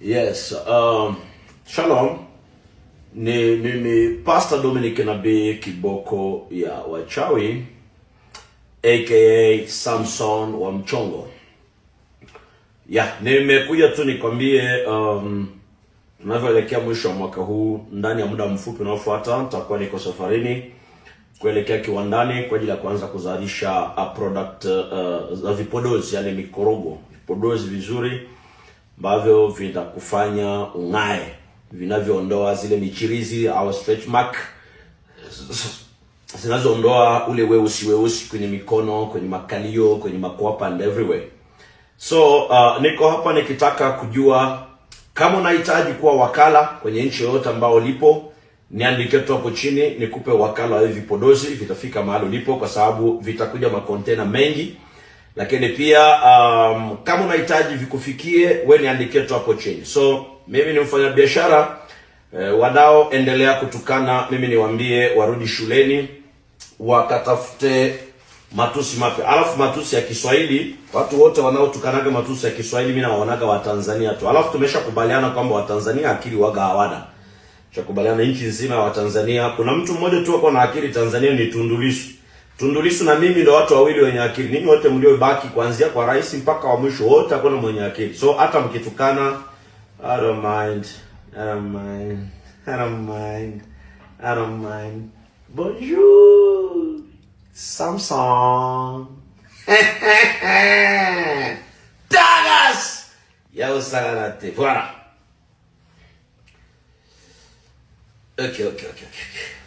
Yes, um, shalom. Ni mimi Pastor Dominic Nabii Kiboko ya Wachawi aka Samson wa Mchongo. Ya, nimekuja tu nikwambie um, tunavyoelekea mwisho wa mwaka huu, ndani ya muda mfupi unaofuata nitakuwa niko safarini kuelekea kiwandani kwa ajili ya kuanza kuzalisha product uh, za vipodozi, yani mikorogo, vipodozi vizuri ambavyo vinakufanya ung'ae, vinavyoondoa zile michirizi au stretch mark zinazoondoa ule weusi weusi kwenye mikono, kwenye makalio, kwenye makwapa and everywhere. So uh, niko hapa nikitaka kujua kama unahitaji kuwa wakala kwenye nchi yoyote ambao lipo niandike tu hapo chini, nikupe wakala wa vipodozi. Vitafika mahali ulipo, kwa sababu vitakuja makontena mengi lakini pia um, kama unahitaji vikufikie, we niandikie tu hapo chini. So mimi ni mfanya mfanyabiashara eh, wanaoendelea kutukana, mimi niwaambie warudi shuleni wakatafute matusi mapya. Alafu matusi ya Kiswahili, watu wote wanaotukanaga matusi ya Kiswahili mimi nawaonaga Watanzania tu. Alafu tumeshakubaliana kwamba Watanzania akili waga hawana, tushakubaliana nchi nzima ya Watanzania. Kuna mtu mmoja tu ako na akili Tanzania ni tundulisu Tundu Lissu na mimi ndo watu wawili wenye akili. Ninyi wote mliobaki kuanzia kwa rais mpaka wa mwisho wote hakuna mwenye akili. So hata mkitukana I don't mind. I don't mind. I don't mind. I don't mind. Bonjour. Samsung. Tagas. Ya Yao te. Voilà. Okay, okay, okay, okay.